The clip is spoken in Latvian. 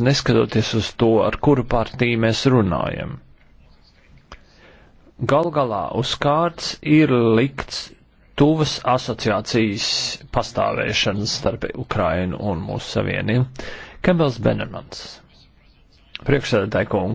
neskatoties uz to, ar kuru partiju mēs runājam. Gal galā uz kārts ir likts tuvas asociācijas pastāvēšanas starp Ukrainu un mūsu savieniem. Kembels Benemans. Priekšsēdētāji kungi.